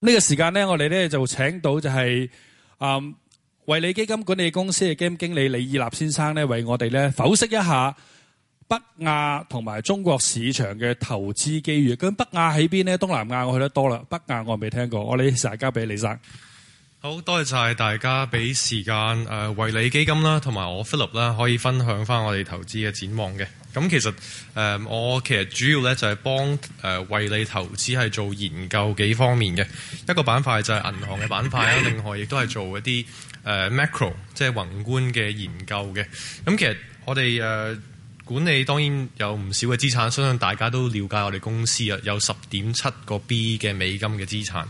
呢、這個時間咧，我哋咧就請到就係、是、啊，惠、嗯、理基金管理公司嘅基金經理李以立先生咧，為我哋咧剖析一下北亞同埋中國市場嘅投資機遇。咁北亞喺邊呢？東南亞我去得多啦，北亞我未聽過。我哋成日交俾李生。好多謝晒大家俾時間誒，惠理基金啦，同埋我 Philip 啦，可以分享翻我哋投資嘅展望嘅。咁、嗯、其實誒、呃，我其實主要咧就係、是、幫誒惠理投資係做研究幾方面嘅，一個板塊就係銀行嘅板塊， 另外亦都係做一啲誒、呃、macro 即係宏觀嘅研究嘅。咁、嗯、其實我哋誒、呃、管理當然有唔少嘅資產，相信大家都了解我哋公司啊，有十點七個 B 嘅美金嘅資產。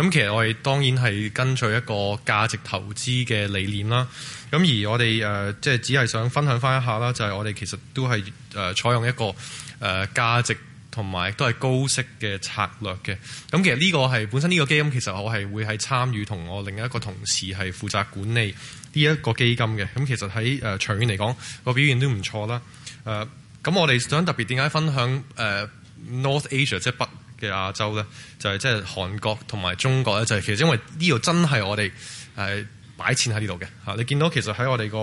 咁其實我哋當然係根據一個價值投資嘅理念啦。咁而我哋誒即係只係想分享翻一下啦，就係我哋其實都係誒採用一個誒價值同埋都係高息嘅策略嘅。咁其實呢個係本身呢個基金，其實我係會係參與同我另一個同事係負責管理呢一個基金嘅。咁其實喺誒長遠嚟講個表現都唔錯啦。誒咁我哋想特別點解分享誒 North Asia 即係北嘅亞洲咧，就係即係韓國同埋中國咧，就係、是、其實因為呢度真係我哋係、呃、擺錢喺呢度嘅嚇。你見到其實喺我哋個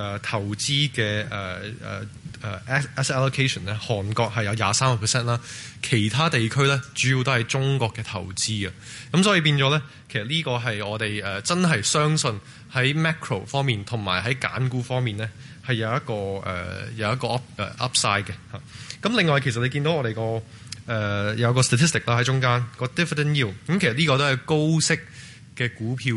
誒投資嘅誒誒誒 asset allocation 咧，韓國係有廿三個 percent 啦，其他地區咧主要都係中國嘅投資啊。咁所以變咗咧，其實呢個係我哋誒、呃、真係相信喺 macro 方面同埋喺揀股方面咧，係有一個誒、呃、有一個 up 誒、uh, upside 嘅嚇。咁另外其實你見到我哋個誒、uh, 有個 statistic 啦喺中間個 dividend yield，咁其實呢個都係高息嘅股票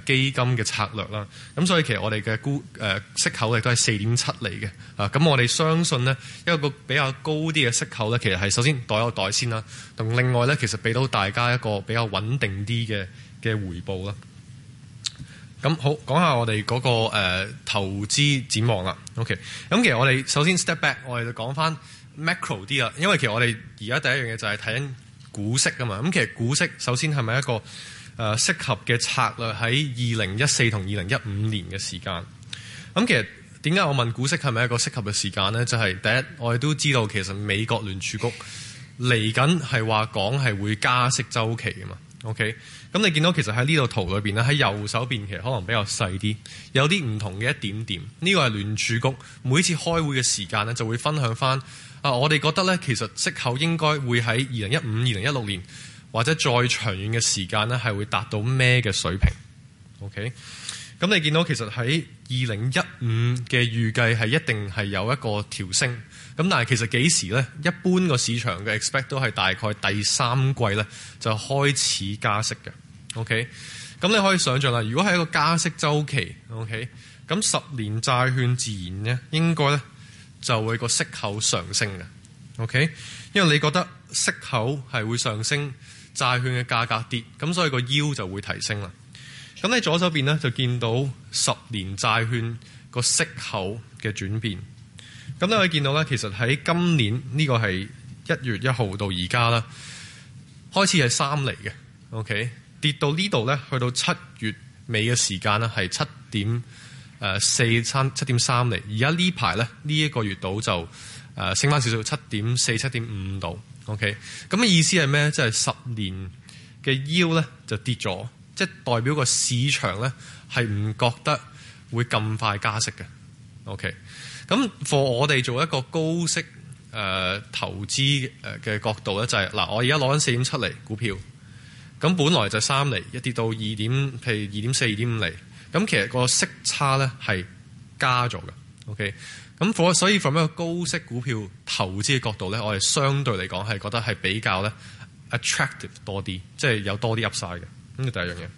誒基金嘅策略啦。咁所以其實我哋嘅估誒息口力都係四點七厘嘅。啊，咁我哋相信呢，一個比較高啲嘅息口咧，其實係首先袋有袋先啦，同另外咧，其實俾到大家一個比較穩定啲嘅嘅回報啦。咁好，講下我哋嗰、那個、uh, 投資展望啦。OK，咁其實我哋首先 step back，我哋就講翻。macro 啲啦，因為其實我哋而家第一樣嘢就係睇緊股息啊嘛。咁其實股息首先係咪一個誒適合嘅策略喺二零一四同二零一五年嘅時間？咁其實點解我問股息係咪一個適合嘅時間呢？就係第一我哋都知道，其實美國聯儲局嚟緊係話講係會加息周期啊嘛。OK，咁你見到其實喺呢度圖裏邊咧，喺右手邊其實可能比較細啲，有啲唔同嘅一點點。呢個係聯儲局每次開會嘅時間呢，就會分享翻。啊！我哋覺得呢，其實息口應該會喺二零一五、二零一六年，或者再長遠嘅時間呢，係會達到咩嘅水平？OK，咁你見到其實喺二零一五嘅預計係一定係有一個調升。咁但係其實幾時呢？一般個市場嘅 expect 都係大概第三季呢就開始加息嘅。OK，咁你可以想像啦，如果係一個加息週期，OK，咁十年債券自然呢，應該呢。就會個息口上升嘅，OK？因為你覺得息口係會上升，債券嘅價格跌，咁所以個 yield 就會提升啦。咁喺左手邊呢，就見到十年債券個息口嘅轉變。咁你可以見到呢，其實喺今年呢、這個係一月一號到而家啦，開始係三厘嘅，OK？跌到呢度呢，去到七月尾嘅時間呢，係七點。誒、呃、四三七點三厘，而家呢排咧呢一個月度就誒升返少少，七點四七點五度。OK，咁嘅意思係咩？即係十年嘅 yield 咧就跌咗，即係代表個市場咧係唔覺得會咁快加息嘅。OK，咁 for 我哋做一個高息誒、呃、投資嘅角度咧，就係、是、嗱，我而家攞緊四點七厘股票，咁本來就三厘，一跌到二點，譬如二點四、二點五厘。咁其實個息差咧係加咗嘅。OK，咁所以，從一個高息股票投資嘅角度咧，我哋相對嚟講係覺得係比較咧 attractive 多啲，即係有多啲 Upside 嘅。咁就第一樣嘢。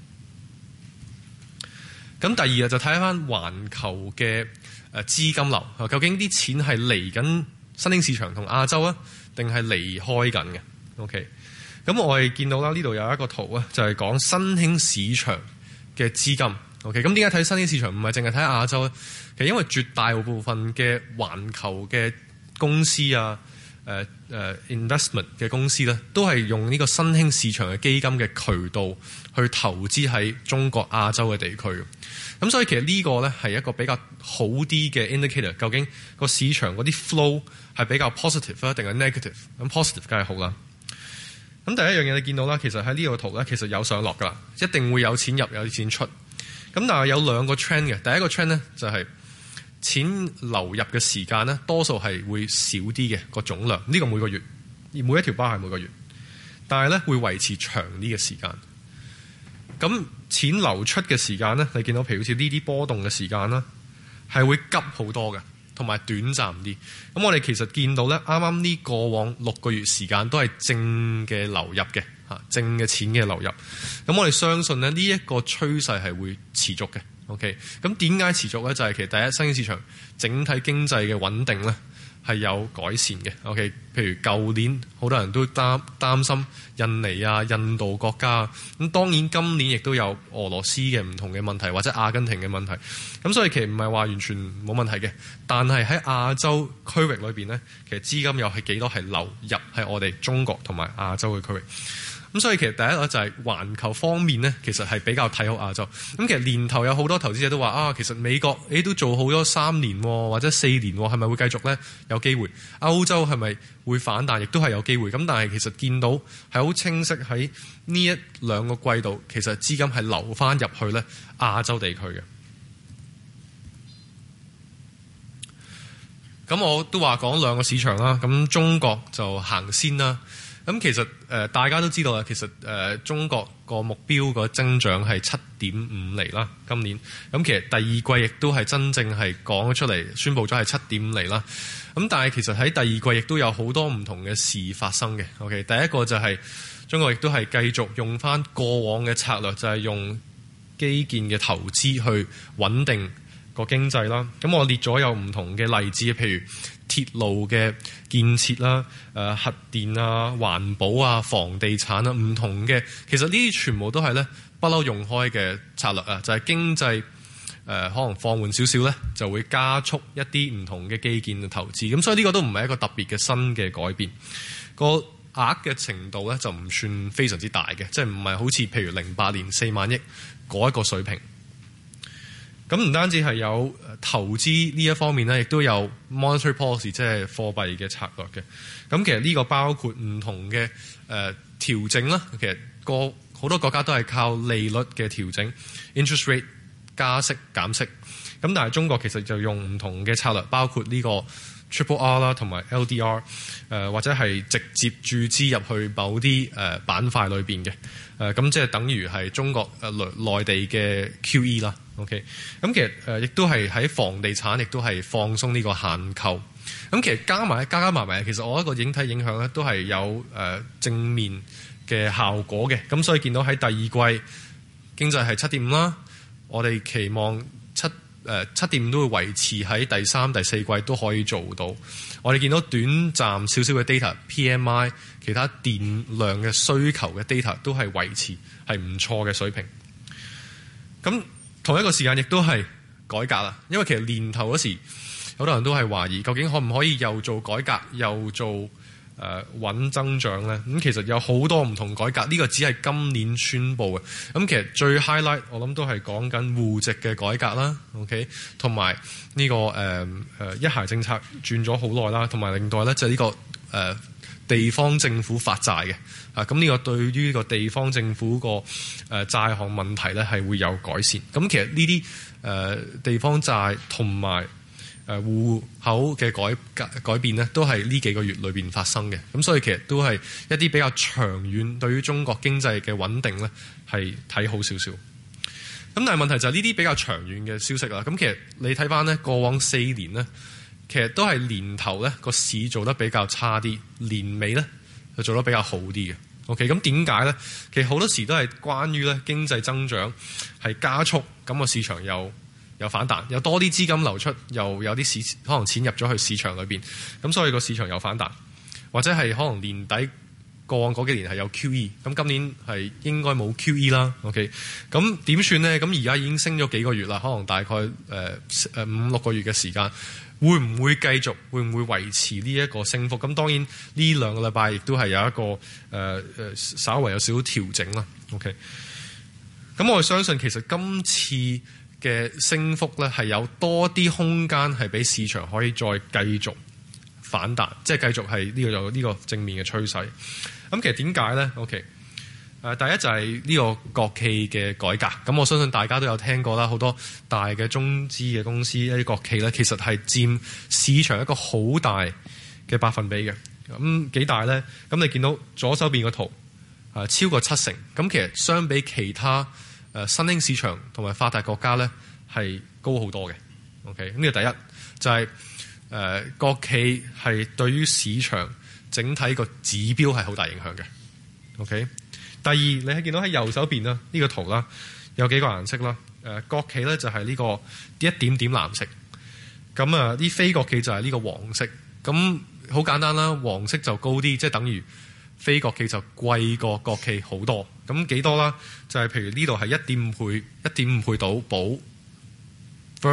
咁第二日就睇翻環球嘅誒資金流，究竟啲錢係嚟緊新興市場同亞洲啊，定係離開緊嘅？OK，咁我哋見到啦。呢度有一個圖啊，就係講新興市場嘅資金。OK，咁點解睇新興市場唔係淨係睇亞洲咧？其實因為絕大部分嘅環球嘅公司啊、誒、呃、誒、呃、investment 嘅公司咧，都係用呢個新興市場嘅基金嘅渠道去投資喺中國、亞洲嘅地區。咁所以其實呢個咧係一個比較好啲嘅 indicator。究竟個市場嗰啲 flow 係比較 positive 咧，定係 negative？咁 positive 梗係好啦。咁第一樣嘢你見到啦，其實喺呢個圖咧，其實有上落㗎，一定會有錢入有錢出。咁但係有兩個 trend 嘅，第一個 trend 呢就係錢流入嘅時間呢多數係會少啲嘅，個總量，呢個每個月，而每一條包係每個月，但係呢會維持長啲嘅時間。咁錢流出嘅時間呢，你見到，譬如好似呢啲波動嘅時間啦，係會急好多嘅，同埋短暫啲。咁我哋其實見到呢，啱啱呢過往六個月時間都係正嘅流入嘅。淨嘅錢嘅流入，咁我哋相信呢呢一個趨勢係會持續嘅。OK，咁點解持續呢？就係其實第一，新興市場整體經濟嘅穩定呢係有改善嘅。OK，譬如舊年好多人都擔擔心印尼啊、印度國家，咁當然今年亦都有俄羅斯嘅唔同嘅問題，或者阿根廷嘅問題，咁所以其實唔係話完全冇問題嘅。但係喺亞洲區域裏面呢，其實資金又係幾多係流入喺我哋中國同埋亞洲嘅區域。咁所以其實第一個就係環球方面呢，其實係比較睇好亞洲。咁其實年頭有好多投資者都話啊，其實美國誒都做好咗三年或者四年，係咪會繼續咧有機會？歐洲係咪會反彈，亦都係有機會。咁但係其實見到係好清晰喺呢一兩個季度，其實資金係流翻入去咧亞洲地區嘅。咁我都話講兩個市場啦，咁中國就行先啦。咁其實誒大家都知道啦，其實誒中國個目標個增長係七點五厘啦，今年咁其實第二季亦都係真正係講咗出嚟宣佈咗係七點五厘啦。咁但係其實喺第二季亦都有好多唔同嘅事發生嘅。OK，第一個就係中國亦都係繼續用翻過往嘅策略，就係用基建嘅投資去穩定個經濟啦。咁我列咗有唔同嘅例子，譬如，鐵路嘅建設啦、誒、啊、核電啊、環保啊、房地產啊，唔同嘅，其實呢啲全部都係咧不嬲用開嘅策略啊，就係、是、經濟誒、呃、可能放緩少少咧，就會加速一啲唔同嘅基建嘅投資。咁所以呢個都唔係一個特別嘅新嘅改變，個額嘅程度咧就唔算非常之大嘅，即係唔係好似譬如零八年四萬億嗰一個水平。咁唔單止係有投資呢一方面咧，亦都有 monetary policy，即係貨幣嘅策略嘅。咁其實呢個包括唔同嘅誒調整啦。其實個好多國家都係靠利率嘅調整，interest rate 加息減息。咁但係中國其實就用唔同嘅策略，包括呢個 triple R 啦，同埋 LDR、呃、或者係直接注資入去某啲、呃、板塊裏面嘅誒。咁、呃、即係等於係中國誒內、呃、地嘅 QE 啦。OK，咁其實誒，亦、呃、都係喺房地產，亦都係放鬆呢個限購。咁其實加埋加加埋埋，其實我一個整體影響咧，都係有誒、呃、正面嘅效果嘅。咁所以見到喺第二季經濟係七點五啦，我哋期望七誒七點五都會維持喺第三、第四季都可以做到。我哋見到短暫少少嘅 data PMI，其他電量嘅需求嘅 data 都係維持係唔錯嘅水平。咁同一個時間亦都係改革啦，因為其實年頭嗰時好多人都係懷疑，究竟可唔可以又做改革又做誒、呃、穩增長呢？咁其實有好多唔同改革，呢、呢個只係今年宣布嘅。咁其實最 highlight 我諗都係講緊戶籍嘅改革啦，OK？同埋呢個誒誒、呃、一孩政策轉咗好耐啦，同埋另外呢就係呢、呢個誒。呃地方政府發債嘅，啊咁呢個對於個地方政府個誒、呃、債項問題呢係會有改善。咁其實呢啲誒地方債同埋誒戶口嘅改改改變呢，都係呢幾個月裏邊發生嘅。咁所以其實都係一啲比較長遠對於中國經濟嘅穩定呢，係睇好少少。咁但係問題就係呢啲比較長遠嘅消息啦。咁其實你睇翻呢，過往四年呢。其實都係年頭呢個市做得比較差啲，年尾呢就做得比較好啲嘅。O K，咁點解呢？其實好多時都係關於呢經濟增長係加速，咁個市場又又反彈，有多啲資金流出，又有啲市可能錢入咗去市場裏面，咁所以個市場又反彈。或者係可能年底過往嗰幾年係有 Q E，咁今年係應該冇 Q E 啦。O K，咁點算呢？咁而家已經升咗幾個月啦，可能大概、呃、五六個月嘅時間。會唔會繼續？會唔會維持呢一個升幅？咁當然呢兩個禮拜亦都係有一個誒誒、呃，稍為有少少調整啦。OK，咁我相信其實今次嘅升幅咧係有多啲空間係俾市場可以再繼續反彈，即係繼續係呢個有呢個正面嘅趨勢。咁其實點解呢？OK。誒，第一就係呢個國企嘅改革。咁我相信大家都有聽過啦，好多大嘅中資嘅公司一啲國企咧，其實係佔市場一個好大嘅百分比嘅。咁幾大咧？咁你見到左手邊個圖係，啊，超過七成。咁其實相比其他誒新興市場同埋發達國家咧，係高好多嘅。OK，咁呢個第一就係，是，誒，啊，國企係對於市場整體個指標係好大影響嘅。OK。第二，你係見到喺右手邊啦，呢、這個圖啦，有幾個顏色啦。誒、呃，國企咧就係、是、呢個一點點藍色，咁啊啲非國企就係呢個黃色。咁好簡單啦，黃色就高啲，即、就、係、是、等於非國企就貴過國企好多。咁幾多啦？就係、是、譬如呢度係一點五倍，一點五倍到保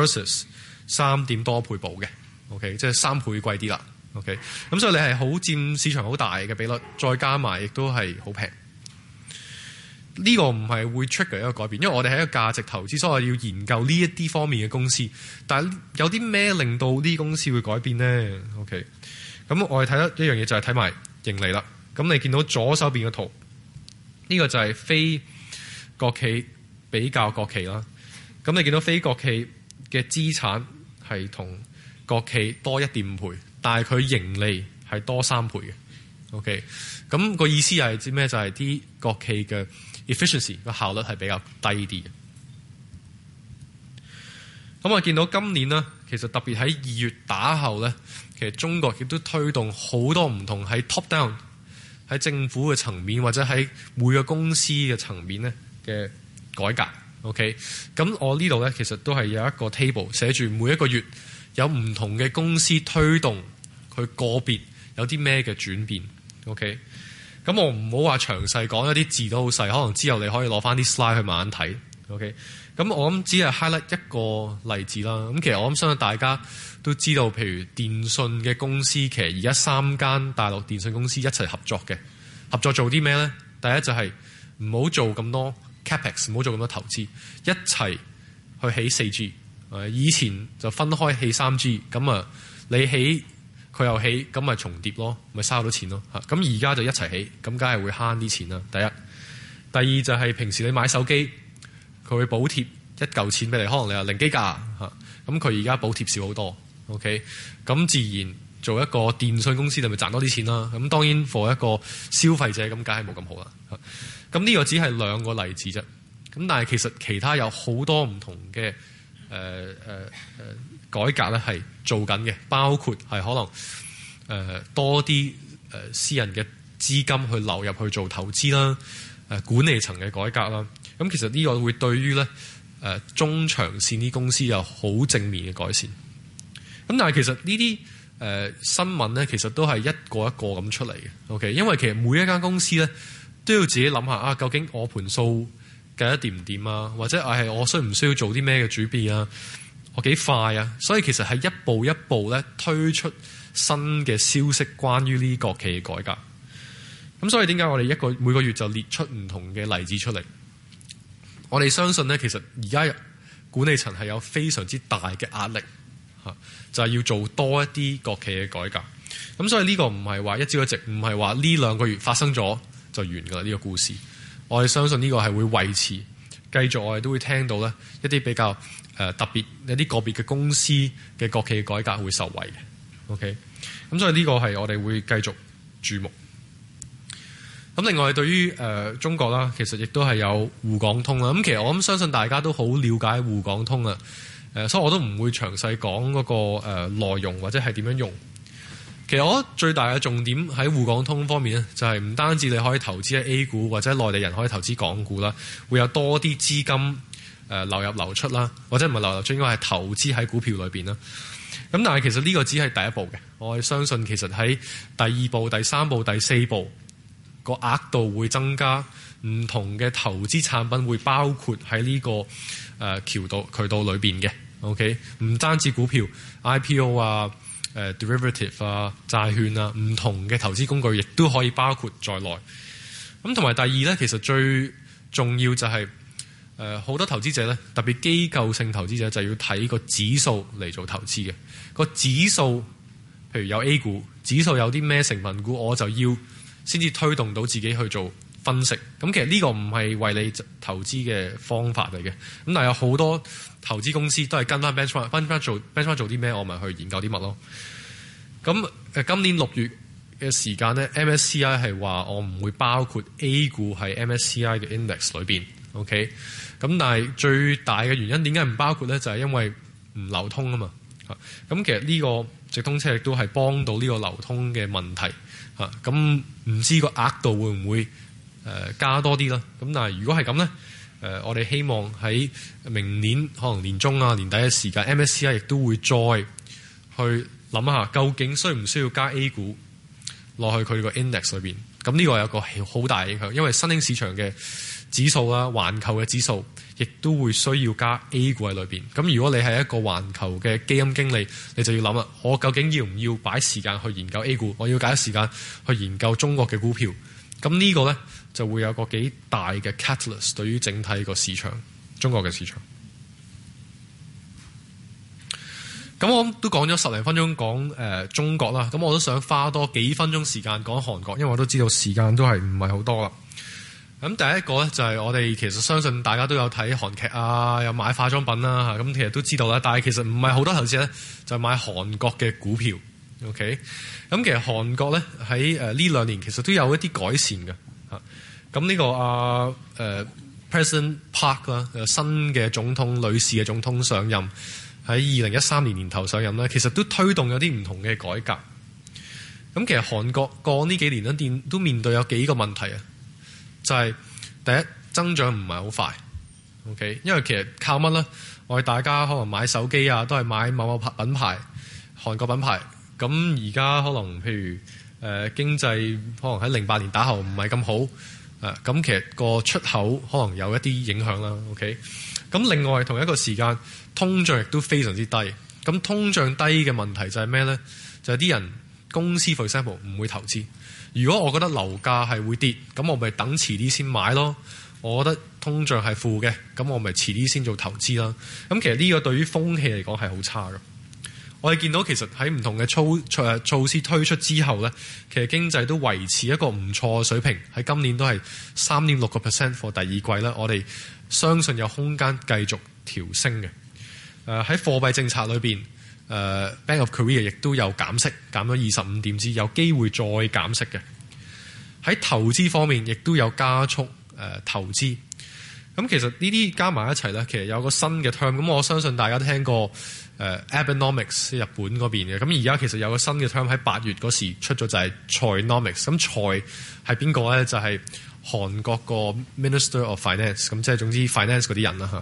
versus 三點多倍保嘅。OK，即係三倍貴啲啦。OK，咁所以你係好佔市場好大嘅比率，再加埋亦都係好平。呢個唔係會 trigger 一個改變，因為我哋係一個價值投資，所以我哋要研究呢一啲方面嘅公司。但係有啲咩令到呢啲公司會改變呢？OK，咁我哋睇得一樣嘢就係睇埋盈利啦。咁你見到左手邊嘅圖，呢個就係非國企比較國企啦。咁你見到非國企嘅資產係同國企多一點五倍，但係佢盈利係多三倍嘅。OK，咁個意思係指咩？就係啲國企嘅。Efficiency 個效率係比較低啲嘅。咁我見到今年呢，其實特別喺二月打後呢，其實中國亦都推動好多唔同喺 top down 喺政府嘅層面，或者喺每個公司嘅層面呢嘅改革。OK，咁我呢度呢，其實都係有一個 table 寫住每一個月有唔同嘅公司推動佢個別有啲咩嘅轉變。OK。咁我唔好話詳細講，一啲字都好細，可能之後你可以攞翻啲 slide 去慢慢睇。OK，咁我諗只係 highlight 一個例子啦。咁其實我諗相信大家都知道，譬如電信嘅公司，其實而家三間大陸電信公司一齊合作嘅，合作做啲咩咧？第一就係唔好做咁多 capex，唔好做咁多投資，一齊去起 4G。誒，以前就分開起 3G。咁啊，你起。.佢又起，咁咪重疊咯，咪收到錢咯嚇。咁而家就一齊起，起，咁梗係會慳啲錢啦。第一，第二就係平時你買手機，佢會補貼一嚿錢俾你，可能你話零機價嚇。咁佢而家補貼少好多，OK？咁自然做一個電信公司，你咪賺多啲錢啦。咁當然 for 一個消費者，咁梗係冇咁好啦。咁呢個只係兩個例子啫。咁但係其實其他有好多唔同嘅誒誒改革咧係做緊嘅，包括係可能誒、呃、多啲誒私人嘅資金去流入去做投資啦，誒、呃、管理層嘅改革啦。咁、啊、其實呢個會對於咧誒、呃、中長線啲公司有好正面嘅改善。咁、啊、但係其實呢啲誒新聞咧，其實都係一個一個咁出嚟嘅。OK，因為其實每一間公司咧都要自己諗下啊，究竟我盤數計得掂唔掂啊？或者係我需唔需要做啲咩嘅準備啊？我幾快啊！所以其實係一步一步咧推出新嘅消息，關於呢國企嘅改革。咁所以點解我哋一個每個月就列出唔同嘅例子出嚟？我哋相信呢，其實而家管理層係有非常之大嘅壓力，吓就係要做多一啲國企嘅改革。咁所以呢個唔係話一朝一夕，唔係話呢兩個月發生咗就完噶啦呢個故事。我哋相信呢個係會維持，繼續我哋都會聽到呢一啲比較。誒、呃、特別有啲個別嘅公司嘅國企嘅改革會受惠嘅，OK，咁所以呢個係我哋會繼續注目。咁另外對於誒、呃、中國啦，其實亦都係有滬港通啦。咁其實我諗相信大家都好了解滬港通啊。誒、呃，所以我都唔會詳細講嗰、那個誒、呃、內容或者係點樣用。其實我覺得最大嘅重點喺滬港通方面咧，就係唔單止你可以投資喺 A 股或者內地人可以投資港股啦，會有多啲資金。誒流入流出啦，或者唔係流入流出，應該係投資喺股票裏邊啦。咁但係其實呢個只係第一步嘅，我係相信其實喺第二步、第三步、第四步個額度會增加，唔同嘅投資產品會包括喺呢個誒橋道渠道裏邊嘅。OK，唔單止股票、IPO 啊、derivative 啊、債券啊，唔同嘅投資工具亦都可以包括在內。咁同埋第二咧，其實最重要就係。誒好多投資者咧，特別機構性投資者就要睇個指數嚟做投資嘅。個指數，譬如有 A 股指數有啲咩成分股，我就要先至推動到自己去做分析。咁其實呢個唔係為你投資嘅方法嚟嘅。咁但係有好多投資公司都係跟翻 benchmark, benchmark，做 benchmark 做啲咩，我咪去研究啲乜咯。咁今年六月嘅時間呢 MSCI 係話我唔會包括 A 股喺 MSCI 嘅 index 裏邊。OK。咁但係最大嘅原因點解唔包括咧？就係因為唔流通啊嘛。咁其實呢個直通車亦都係幫到呢個流通嘅問題。咁唔知個額度會唔會加多啲啦？咁但係如果係咁咧，我哋希望喺明年可能年中啊年底嘅時間，MSCI 亦都會再去諗下究竟需唔需要加 A 股落去佢個 index 裏面。咁呢個有個好大影響，因為新興市場嘅。指數啦，環球嘅指數亦都會需要加 A 股喺裏面。咁如果你係一個環球嘅基金經理，你就要諗啦，我究竟要唔要擺時間去研究 A 股？我要擺時間去研究中國嘅股票。咁呢個呢，就會有個幾大嘅 catalyst 對於整體個市場，中國嘅市場。咁我都講咗十零分鐘講、呃、中國啦，咁我都想花多幾分鐘時間講韓國，因為我都知道時間都係唔係好多啦。咁第一個咧就係我哋其實相信大家都有睇韓劇啊，有買化妝品啦、啊、咁其實都知道啦。但係其實唔係好多投資咧，就係、買韓國嘅股票。OK，咁其實韓國咧喺呢兩年其實都有一啲改善嘅。咁呢個啊、呃、President Park 啦，新嘅總統女士嘅總統上任喺二零一三年年頭上任咧，其實都推動有啲唔同嘅改革。咁其實韓國過呢幾年都面對有幾個問題啊。就係、是、第一增長唔係好快，OK？因為其實靠乜呢？我哋大家可能買手機啊，都係買某某品牌、韓國品牌。咁而家可能譬如誒、呃、經濟可能喺零八年打後唔係咁好，誒、啊、咁其實個出口可能有一啲影響啦，OK？咁另外同一個時間通脹亦都非常之低。咁通脹低嘅問題就係咩呢？就係、是、啲人公司，for example，唔會投資。如果我覺得樓價係會跌，咁我咪等遲啲先買咯。我覺得通脹係負嘅，咁我咪遲啲先做投資啦。咁其實呢個對於風氣嚟講係好差嘅。我哋見到其實喺唔同嘅措誒措，措施推出之後呢，其實經濟都維持一個唔錯嘅水平。喺今年都係三年六個 percent 貨第二季啦。我哋相信有空間繼續調升嘅。誒喺貨幣政策裏邊。誒、uh, Bank of Korea 亦都有減息，減咗二十五點之，有機會再減息嘅。喺投資方面，亦都有加速、uh, 投資。咁其實呢啲加埋一齊咧，其實有個新嘅 term。咁我相信大家都聽過誒、uh, Abenomics 日本嗰邊嘅。咁而家其實有個新嘅 term 喺八月嗰時出咗，就係 Caiomics。咁 Cai 係邊個咧？就係韓國個 Minister of Finance。咁即係總之 Finance 嗰啲人啦吓。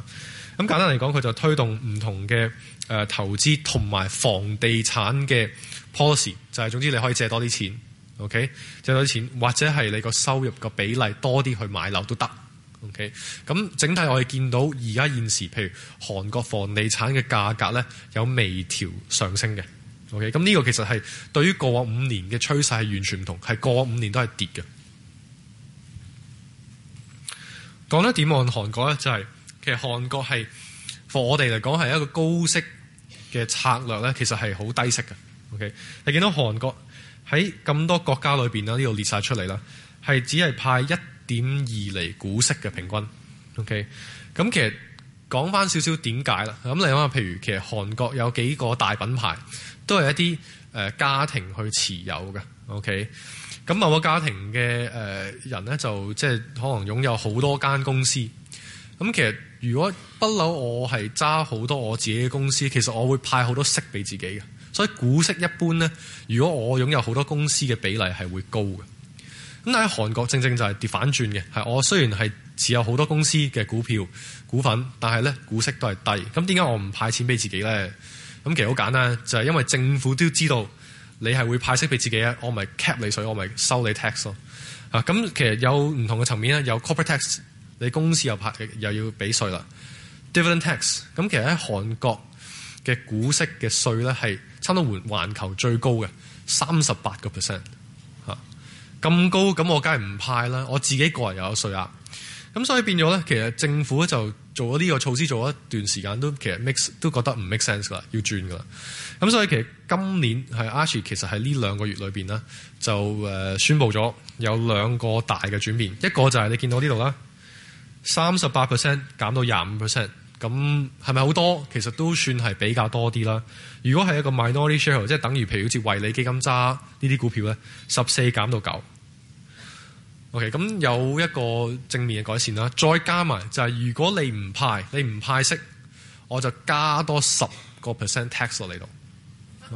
咁簡單嚟講，佢就推動唔同嘅。誒投資同埋房地產嘅 policy，就係總之你可以借多啲錢，OK？借多啲錢，或者係你個收入嘅比例多啲去買樓都得，OK？咁整體我哋見到而家現時，譬如韓國房地產嘅價格呢，有微調上升嘅，OK？咁呢個其實係對於過往五年嘅趨勢係完全唔同，係過往五年都係跌嘅。講得點望韓國呢，就係、是、其實韓國係我哋嚟講係一個高息。嘅策略咧，其實係好低息嘅。OK，你見到韓國喺咁多國家裏邊呢度列晒出嚟啦，係只係派一點二厘股息嘅平均。OK，咁其實講翻少少點解啦？咁你諗下，譬如其實韓國有幾個大品牌，都係一啲、呃、家庭去持有嘅。OK，咁某個家庭嘅、呃、人咧，就即係、就係、可能擁有好多間公司。咁其實如果不嬲，我係揸好多我自己嘅公司，其實我會派好多息俾自己嘅，所以股息一般咧。如果我擁有好多公司嘅比例係會高嘅，咁但係韓國正正就係跌反轉嘅，係我雖然係持有好多公司嘅股票股份，但係咧股息都係低。咁點解我唔派錢俾自己咧？咁其實好簡單，就係因為政府都知道你係會派息俾自己啊，我咪 cap 你，所以我咪收你 tax 咯。啊，咁其實有唔同嘅層面咧，有 corporate tax。你公司又派又要俾稅啦，dividend tax 咁，其實喺韓國嘅股息嘅稅咧係差唔多環球最高嘅，三十八個 percent 咁高咁，我梗係唔派啦。我自己個人又有稅額咁，所以變咗咧，其實政府咧就做咗呢個措施，做咗一段時間都其實 mix 都覺得唔 make sense 噶啦，要轉噶啦。咁所以其實今年係阿 Sir 其實喺呢兩個月裏面呢，就宣佈咗有兩個大嘅轉變，一個就係你見到呢度啦。三十八 percent 減到廿五 percent，咁係咪好多？其實都算係比較多啲啦。如果係一個 minority share，即係等於譬如好似惠理基金揸呢啲股票咧，十四減到九。OK，咁有一個正面嘅改善啦。再加埋就係如果你唔派，你唔派息，我就加多十個 percent tax 落嚟度。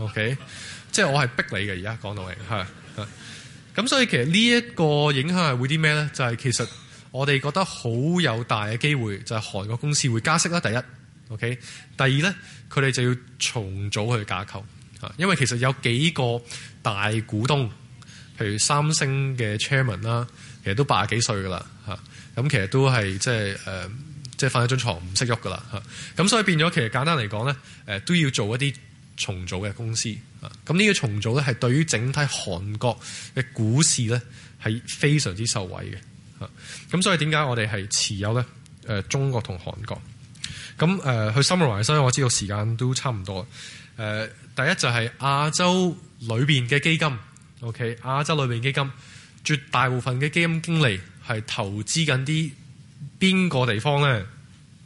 OK， 即係我係逼你嘅。而家講到嚟，係 咁所以其實呢一個影響係會啲咩咧？就係、是、其實。我哋覺得好有大嘅機會，就係韓國公司會加息啦。第一，OK，第二咧，佢哋就要重組去架構，因為其實有幾個大股東，譬如三星嘅 Chairman 啦，其實都八十幾歲噶啦，咁其實都係即係誒，即係瞓喺張床，唔識喐噶啦，咁所以變咗其實簡單嚟講咧，誒都要做一啲重組嘅公司，咁呢個重組咧係對於整體韓國嘅股市咧係非常之受惠嘅。咁所以點解我哋係持有咧？誒、呃，中國同韓國。咁誒、呃，去 summarise 所以我知道時間都差唔多。誒、呃，第一就係亞洲裏邊嘅基金，OK，亞洲裏邊基金絕大部分嘅基金經理係投資緊啲邊個地方咧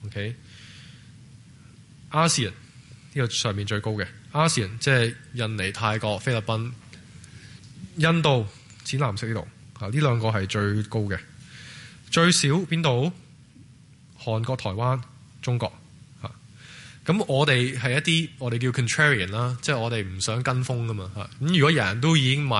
？OK，ASEAN 呢個上面最高嘅 ASEAN，即係印尼、泰國、菲律賓、印度，淺藍色呢度，啊，呢兩個係最高嘅。最少邊度？韓國、台灣、中國嚇，咁我哋係一啲我哋叫 contrarian 啦，即係我哋唔想跟風噶嘛嚇。咁如果人人都已經買。